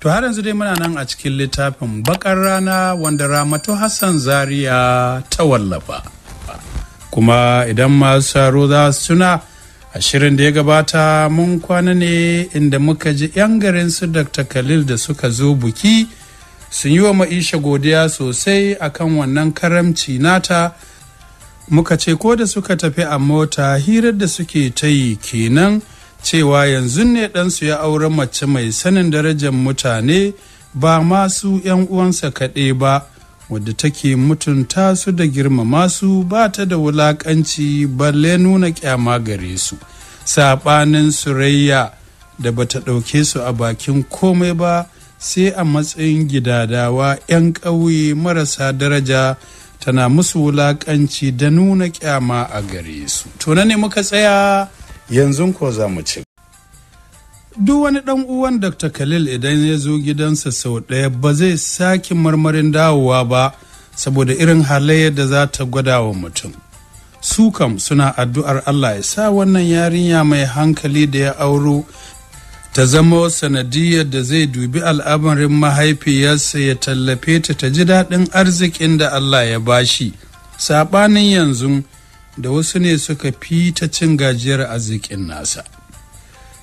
To har yanzu dai muna nan a cikin littafin bakar rana wanda Ramatu Hassan Zaria ta wallafa. Kuma idan masu saro za su suna a shirin da ya gabata mun kwana ne inda muka ji 'yan garin su Dr. Khalil da suka zo buki sun yi wa ma'isha godiya sosai akan wannan karamci nata muka ce ko da suka tafi a mota hirar da suke ta yi kenan. cewa yanzu ne ɗansu ya aure mace mai sanin darajar mutane ba masu 'yan uwansa kaɗai ba wadda take mutunta su da girmama su ba ta da wulaƙanci balle nuna ƙyama gare su saɓanin surayya da bata ɗauke su a bakin komai ba sai a matsayin gidadawa 'yan ƙauye marasa daraja tana musu wulaƙanci da nuna ƙyama a gare su to ne muka tsaya yanzu ko za mu ci duk wani ɗan uwan dr khalil idan ya zo gidansa sau ɗaya ba zai sake marmarin dawowa ba saboda irin halayyar da za ta gwada wa mutum Sukam suna addu'ar allah ya sa wannan yarinya mai hankali da ya auro ta zama sanadiyar da zai dubi al'amarin mahaifiyarsa ya tallafe ta ta ji daɗin arzikin da Allah ya bashi saɓanin yanzu da wasu ne suka fi ta cin gajiyar arzikin nasa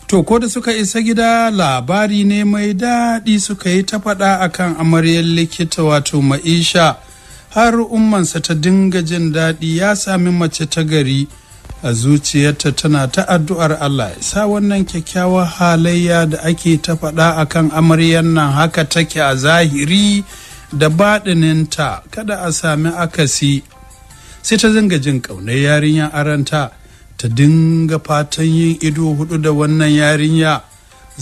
to ko da suka isa gida labari ne mai daɗi suka yi ta faɗa a kan amaryar likita wato ma'isha har ummansa ta dinga jin daɗi ya sami mace ta gari a zuciyarta tana ta addu'ar Allah ya sa wannan kyakkyawar halayya da ake ta faɗa a kan amaryar nan haka take a zahiri da baɗininta kada a sami akasi sai ta zanga jin ƙaunar yarinya aranta ta dinga fatan yin ido hudu da wannan yarinya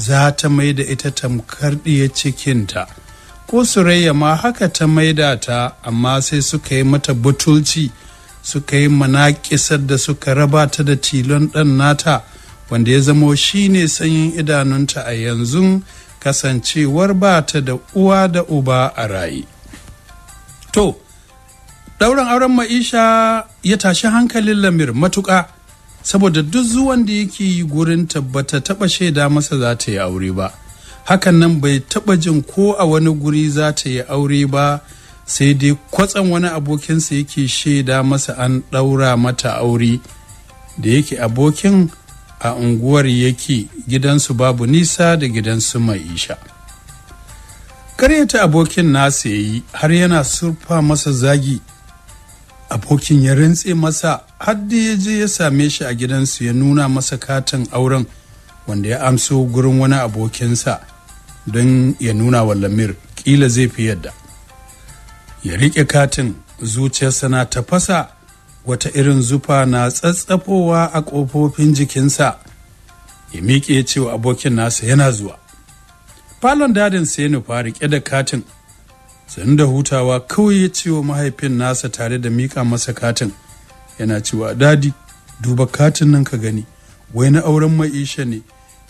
za ta mai da ita tamkar ɗiya cikinta ko surayya ma haka ta maida ta amma sai suka yi mata butulci suka yi manaƙisar da suka raba ta da tilon ɗan nata wanda ya zamo shi ne sanyin idanunta a yanzu kasancewar ba ta da uwa da uba a raye. To, ɗaurin auren ma'isha ya tashi hankalin lamir matuƙa saboda duk zuwan da yake yi gurin tabbata taba shaida masa za ta yi aure ba hakan nan bai taɓa jin ko a wani guri za ta yi aure ba sai dai kwatsan wani abokinsa yake shaida masa an ɗaura mata aure da yake abokin a unguwar yake gidansu babu nisa da gidansu ma'isha karyata abokin nasa ya yi har yana surfa masa zagi abokin ya rantse masa hadda ya je ya same shi a gidansu ya nuna masa katin auren wanda ya amso gurin wani abokinsa don ya nuna wa lamir kila zai fi yadda ya riƙe katin zuciyarsa na tafasa wata irin zufa na tsatsafowa a ƙofofin jikinsa ya miƙe cewa abokin nasa yana zuwa falon dadin sai ya nufa riƙe da katin da hutawa kawai ya ce mahaifin nasa tare da mika masa katin yana cewa dadi duba katin nan ka gani wai na auren ma'isha ne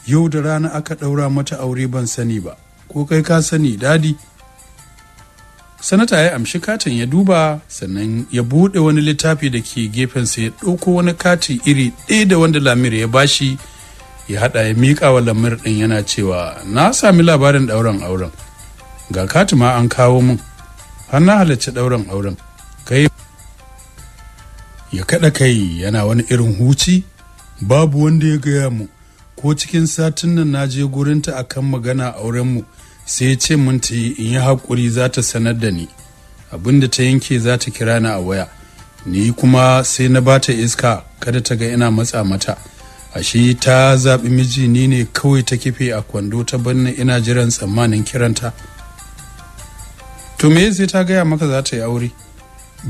yau da rana aka ɗaura mata aure ban sani ba ko kai ka sani dadi sanata ya amshi katin ya duba sannan ya buɗe wani littafi da ke gefensa ya ɗauko wani katin iri ɗaya da wanda lamir ya bashi ya haɗa ya miƙa wa lamir ɗin yana cewa na sami labarin ɗaurin auren ga katima an kawo mun har na halarci ɗaurin auren kai ya kaɗa kai yana wani irin huci babu wanda ya gaya mu ko cikin satin nan na je gurinta akan magana aurenmu sai ya ce mun ta in yi haƙuri za ta sanar da ni abinda ta yanke za ta kira ni a waya ni kuma sai na bata iska kada ta ga ina matsa mata ashe ta zaɓi miji ni ne kawai ta kife a kwando ta banna ina jiran tsammanin kiranta to me sai ta gaya maka za ta yi aure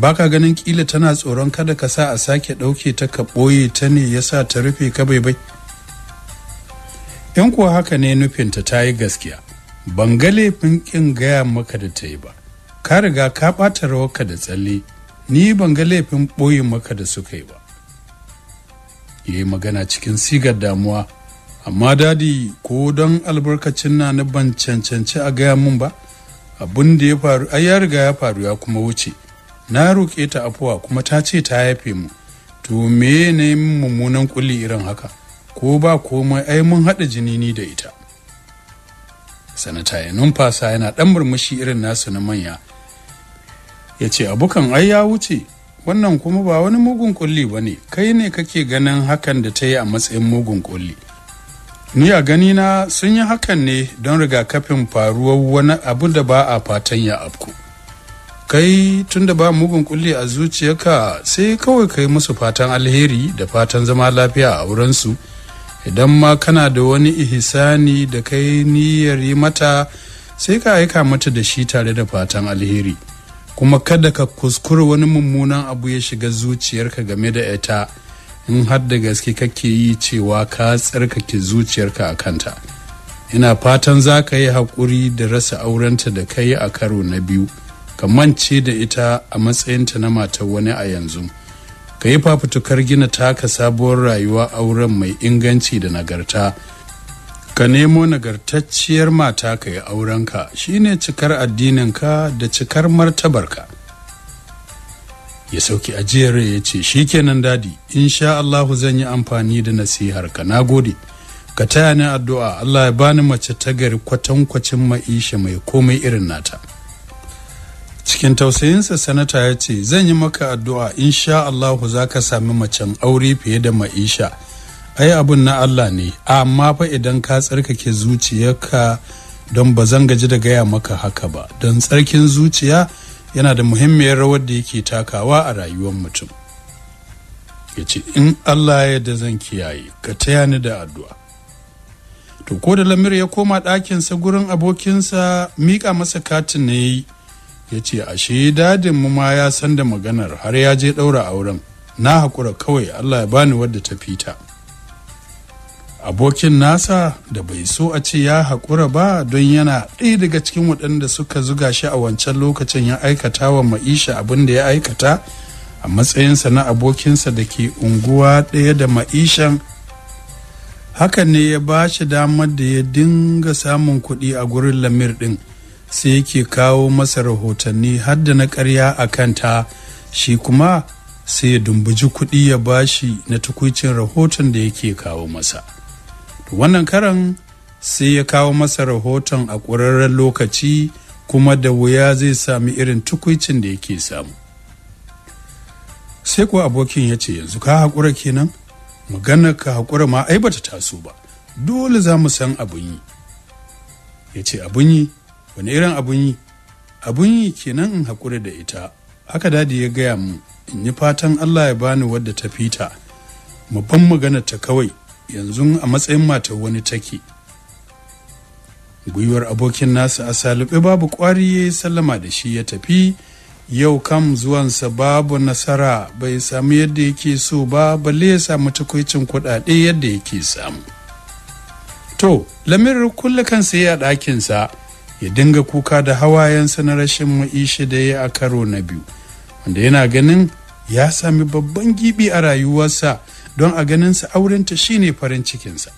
baka ganin kila tana tsoron kada ka sa a sake ɗauke ta ka ɓoye ta ne ya sa ta rufe ka bai bai yan kuwa haka ne nufinta ta yi gaskiya ban ga laifin ƙin gaya maka da ta yi ba ka riga ka ɓata ka da tsalle ni ban ga laifin ɓoye maka da suka yi ba ya yi magana cikin sigar damuwa amma dadi ko don albarkacin na na ban cancanci a gaya mun ba abun da ya faru ai ya riga ya faru ya kuma wuce na roƙe ta afuwa kuma ta ce ta yafe mu to me ne mummunan kulli irin haka ko ba komai ai mun haɗa jini ni da ita sanata ya numfasa yana ɗan murmushi irin nasu na manya ya ce abukan ai ya wuce wannan kuma ba wani mugun kulli ba ne kai ne kake ganin hakan da ta yi a matsayin mugun kulli ni a ganina sun yi hakan ne don rigakafin faruwar wani abu da ba a fatan ya afku kai tun da ba mugun kulle a zuciyarka sai kawai kai musu fatan alheri da fatan zama lafiya a wurinsu idan ma kana da wani ihisani da kai niyyar yi mata sai ka aika mata da shi tare da fatan alheri kuma kada ka kuskura wani mummunan abu ya shiga zuciyarka game da ita in har da gaske kake yi cewa ka tsarkake zuciyarka a kanta ina fatan za ka yi haƙuri da rasa aurenta da ka yi a karo na biyu ka mance da ita a matsayinta na matar wani a yanzu ka yi fafutukar gina taka sabuwar rayuwa auren mai inganci da nagarta ka nemo nagartacciyar mata ka yi aurenka shine cikar addininka da cikar martabarka ya sauki ajiyar ya ce shikenan dadi insha Allahu zan yi amfani da nasihar ka na gode ka taya ni addu'a Allah ya bani mace ta gari kwatankwacin ma'isha mai komai irin nata cikin tausayinsa sanata ya ce zan yi maka addu'a insha Allahu za ka sami macen aure fiye da ma'isha ai abun na Allah ne amma fa idan ka tsarkake zuciyarka don ba zan gaji da gaya maka haka ba don tsarkin zuciya yana da muhimmiyar rawar da yake takawa a rayuwar mutum ya ce in allah ya da zan kiyaye ka taya ni da addu'a to ko da lamir ya koma ɗakinsa gurin abokinsa mika masa katin ne ya ce ashe dadin mu ma ya san da maganar har ya je ɗaura auren na haƙura kawai allah ya bani wadda ta fita abokin nasa da bai so a ce ya haƙura ba don yana ɗaya daga cikin waɗanda suka zuga shi a wancan lokacin ya aikata wa ma'isha abin da ya aikata a matsayinsa na abokinsa da ke unguwa ɗaya da ma'ishan hakan ne ya ba shi damar da ya dinga samun kuɗi a gurin lamir ɗin sai yake kawo masa rahotanni har da na karya a kanta shi kuma sai ya dumbuji kuɗi ya ba shi na tukuicin rahoton da yake kawo masa. wannan karan sai ya kawo masa rahoton a ƙwararren lokaci kuma da wuya zai sami irin tukwicin da yake samu sai kuwa abokin ya ce yanzu ka haƙura kenan maganar ka haƙura ma ai bata taso ba dole za mu san abun yi ya ce abun yi wani irin abun yi abun yi kenan in haƙura da ita haka dadi ya gaya mu in yi fatan allah ya bani wadda ta fita mu ban magana ta kawai yanzu a matsayin matar wani take gwiwar abokin nasa a salube babu kwari ya sallama da shi ya tafi yau kam zuwansa babu nasara bai samu yadda yake so ba balle ya samu takwicin kuɗaɗe yadda yake samu to lamirar kulle kansa ya ɗakinsa ya dinga kuka da hawayensa na rashin ma'ishi da ya a karo na biyu wanda yana ganin ya sami babban gibi a rayuwarsa don a ganinsa aurenta shine farin cikinsa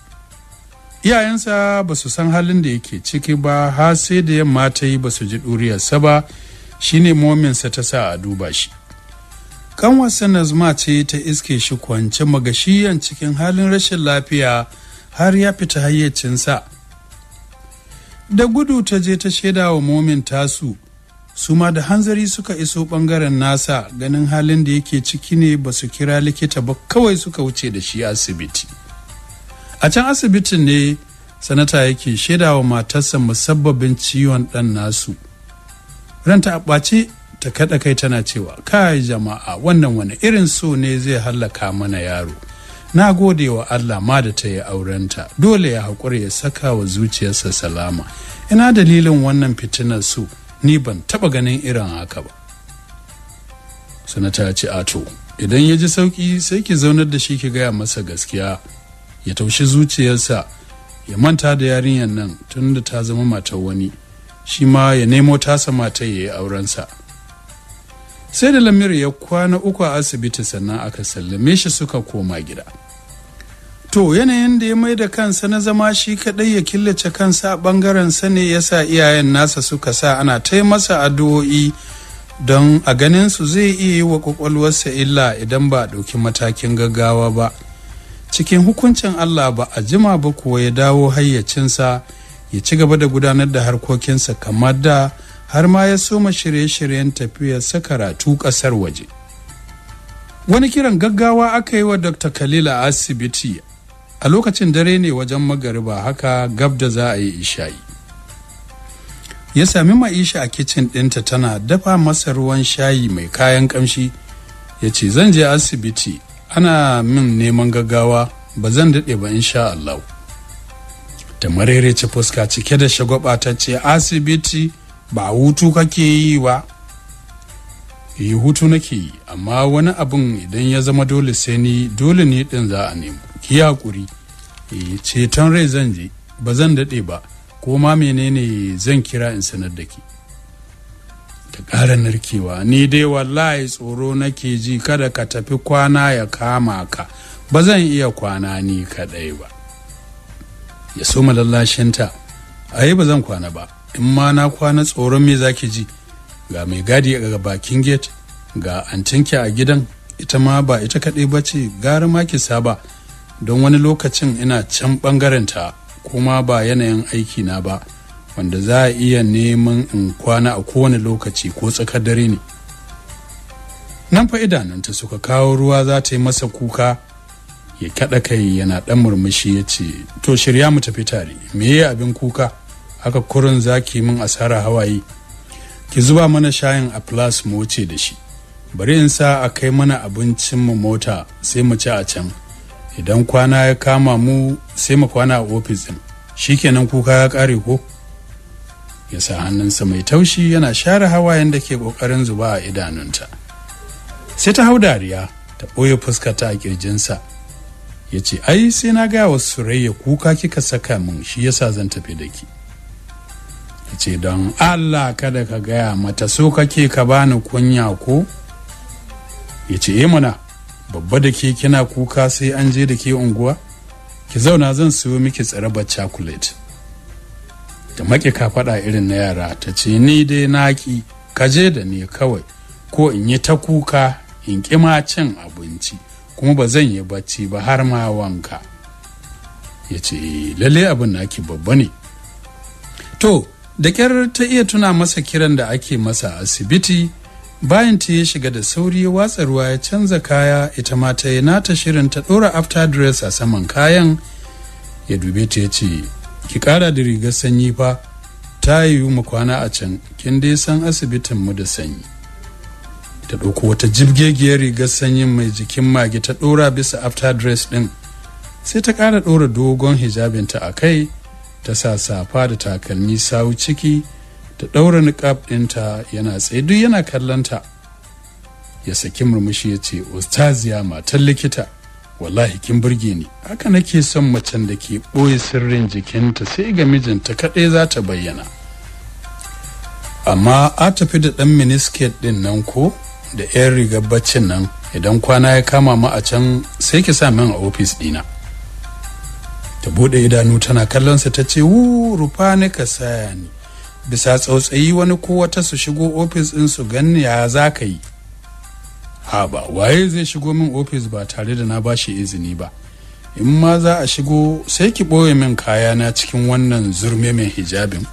iyayensa ba su san halin da yake ciki ba har sai da yamma ta yi ba su ji ɗuriyarsa ba shine mominsa ta sa a duba shi kanwarsa nazma ce ta iske shi kwance magashiyan cikin halin rashin lafiya har ya fita hayyacinsa da gudu ta je ta shaida wa momin tasu su ma da hanzari suka iso bangaren nasa ganin halin da yake ciki ne ba su kira likita ba kawai suka wuce da shi asibiti a can asibitin ne sanata yake shaida wa matarsa musabbabin ciwon ɗan nasu ranta a ɓace ta kaɗa kai tana cewa kai jama'a wannan wani irin so ne zai hallaka mana yaro na gode wa allah ma da ta yi aurenta dole ya haƙura ya saka wa zuciyarsa salama ina dalilin wannan fitinar so ni ban taba ganin irin haka ba sanata ya ce ato idan ya ji sauki sai ki zaunar da shi ki gaya masa gaskiya ya taushi zuciyarsa ya manta da yarinyar nan tun da ta zama matar wani shi ma ya nemo tasa mata ya yi aurensa sai da lamir ya kwana uku a asibiti sannan aka sallame shi suka koma gida to yanayin da ya mai da kansa na zama shi kaɗai ya killace kansa a ɓangaren sa ne ya sa iyayen nasa suka sa ana tai masa addu'o'i don a ganin su zai iya yi wa kwakwalwarsa illa idan ba a ɗauki matakin gaggawa ba cikin hukuncin allah ba a jima ba kuwa ya dawo hayyacinsa ya ci gaba da gudanar da harkokinsa kamar da har ma ya soma shirye-shiryen tafiyarsa karatu ƙasar waje wani kiran gaggawa aka yi wa dr khalil a asibiti a lokacin dare ne wajen magariba haka gab da za a yi isha'i ya sami ma'isha a kicin ɗinta tana dafa masa ruwan shayi mai kayan ƙamshi ya ce zan je asibiti ana min neman gaggawa ba zan daɗe ba in sha Allah Ta ce fuska cike da shagwaba ta ce asibiti ba hutu kake yi ba yi eh, hutu nake yi amma wani abin idan ya zama dole sai ni dole ne din za a nemo ki hakuri eh, ceton rai zan je ba zan daɗe ba ko ma menene zan kira in sanar da ki ta ƙara narkewa ni dai wallahi tsoro nake ji kada ka tafi kwana ya kama ka ba zan iya kwana ni kaɗai ba ya so malallashinta a yi ba zan kwana ba in ma na kwana tsoron me zaki ji ga mai gadi a bakin gate ga antinki a gidan ita ma ba ita kaɗai ba ce gara ma ki saba don wani lokacin ina can ɓangarenta kuma ba yanayin aiki na ba wanda za a iya neman in kwana a kowane lokaci ko tsakar dare ne nan fa idananta suka kawo ruwa za ta yi masa kuka ya kaɗa kai yana ɗan murmushi ya ce to shirya mu tafi tare me abin kuka haka kurin zaki min asara hawaye ki zuba mana shayin a plus mu wuce da shi bari in sa a kai mana abincin mu mota sai mu ci a can idan kwana ya kama mu sai mu kwana a ofis din shikenan kuka ya kare ko ya sa hannunsa mai taushi yana share hawa da ke kokarin zuba a idanunta sai ta hau dariya ta ɓoye fuskata a kirjinsa ya ce ai sai na gaya wa surayya kuka kika saka min shi yasa zan tafi da ki ce don allah kada ka gaya mata so kake ka bani kunya ko ya ce eh mana, babba da ke kina kuka sai an je da ke unguwa ki zauna zan siyo miki tsaraba chocolate da maƙi ka faɗa irin na yara ta ce ni dai naki ka je da ni kawai ko in yi ta kuka in ƙi cin abinci kuma ba zan yi bacci ba har ma wanka ya ce eh, lalle abin naki babba ne to da kyar ta iya tuna masa kiran da ake masa asibiti bayan ta ya shiga da sauri ya watsa ruwa ya canza kaya ita ma ta yi nata shirin ta ɗora after dress a saman kayan ya dube ta ya ce ki ƙara da rigar sanyi fa ta yi mu kwana a can kin dai san asibitin mu da sanyi ta ɗauko wata jibgegiyar rigar sanyi mai jikin mage ta ɗora bisa after dress ɗin sai ta ƙara ɗora dogon hijabinta a kai ta sa safa da takalmi sawu ciki ta ɗaura niƙaf ɗinta yana tsaye duk yana kallonta ya saki murmushi ya ce ustaziya matan likita wallahi kin burge ni haka nake son macen da ke ɓoye sirrin jikinta sai ga mijinta kaɗai za ta bayyana amma a tafi da ɗan minisket ɗin nan ko da 'yan rigar baccin nan idan kwana ya kama ma a can sai ki sa min a ofis ɗina. ta bude idanu tana kallonsa ta ce rufa ni ka saya ni bisa tsautsayi wani ko wata su shigo ofis ɗin su ganni ya za yi ha ba waye zai shigo min ofis ba tare da na bashi izini ba in ma za a shigo sai ki ɓoye min kaya na" cikin wannan zurme mai hijabin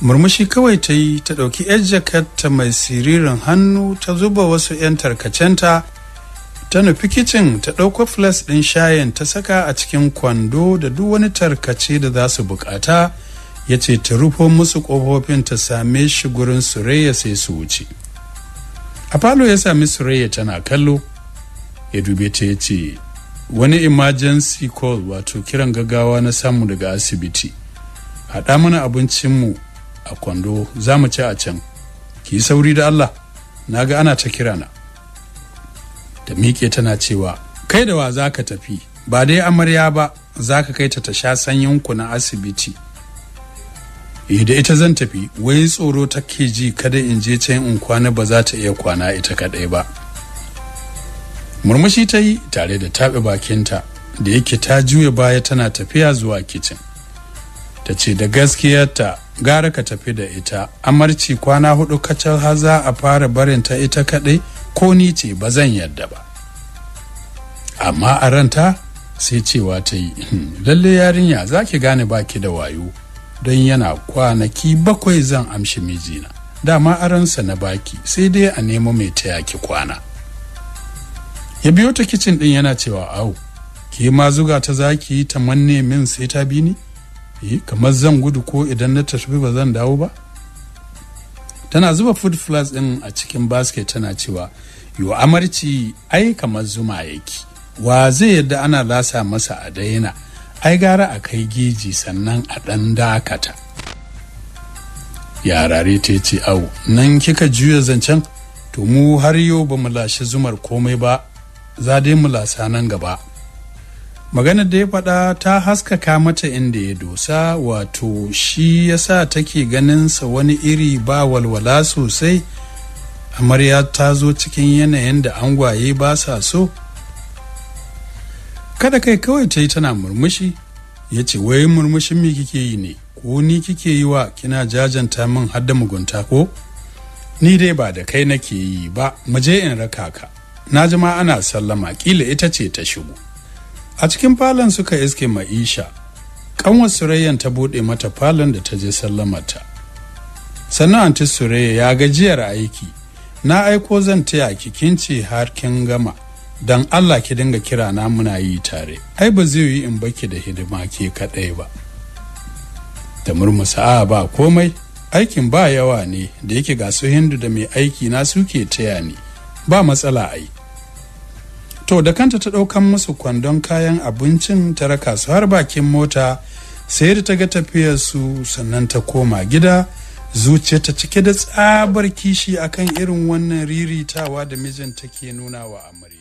murmushi kawai ta yi ta ɗauki yar jakarta mai siririn hannu ta zuba wasu 'yan tarkacenta ta nufi kicin ta ɗauko flas ɗin shayin ta saka a cikin kwando da duk wani tarkace da za su bukata ya ce ta rufo musu ƙofofin ta same shi gurin surayya sai su wuce a falo ya sami surayya tana kallo ya dube ta ya ce wani emergency call wato kiran gaggawa na samu daga asibiti haɗa mana abincinmu a kwando za mu ci a can ki sauri da allah na ga ana ta kirana ta miƙe tana cewa kai da wa za ka tafi ba dai amarya ba za ka kai ta tasha sha sanyinku na asibiti eh, da ita zan tafi wai tsoro take ji kada in je can in kwana ba za ta iya kwana ita kaɗai ba murmushi ta yi tare da taɓe bakinta da yake ta juya baya tana tafiya zuwa kicin ta ce da gaskiyarta gara ka tafi da ita amarci kwana hudu kacal har za a fara barinta ita kaɗai ko ni ce ba zan yadda ba amma a ranta sai cewa ta yi hmm, lalle yarinya za ki gane baki da wayo don yana kwanaki bakwai zan amshi mijina dama aransa na baki sai dai a nemo mai taya ki kwana ya biyo ta kicin din yana cewa au ke ma zuga ta zaki ta manne min sai ta bi ni eh, kamar zan gudu ko idan na tafi ba zan dawo ba tana zuba food plus din a cikin basket tana cewa yo amarci ai kamar zuma yake wa zai yadda ana lasa masa a daina ai gara a kai geji sannan a ɗan dakata yarare ta ce au nan kika juya zancen to mu har yau ba mu lashe zumar komai ba za dai mu lasa nan gaba maganar da ya faɗa ta haskaka mata inda ya dosa wato shi ya sa take ganinsa wani iri ba walwala sosai amarya ta zo cikin yanayin da angwaye ba sa so kada kai kawai ta yi tana murmushi ya ce wai murmushin me kike yi ne ko ni kike yi wa kina jajanta min har mugunta ko ni dai ba da kai nake yi ba mu je in raka ka na ji ana sallama kila ita ce ta shigo a cikin falon suka iske ma'isha kanwar surayyan ta buɗe mata falon da ta je sallamata sannan anti surayya ya gajiyar aiki na aiko zan taya ki har kin gama dan allah ki dinga kira na muna yi tare ai ba zai yi in baki da hidima ke kaɗai ba ta murmusa a ba komai aikin ba yawa ne da yake ga su hindu da mai aiki na suke taya ni ba matsala ai to da kanta ta ɗaukan musu kwandon kayan abincin ta raka su har bakin mota sai da ta ga tafiyar su sannan ta koma gida zuciya ta cike da tsabar kishi akan irin wannan riritawa da mijinta ke nuna wa amarya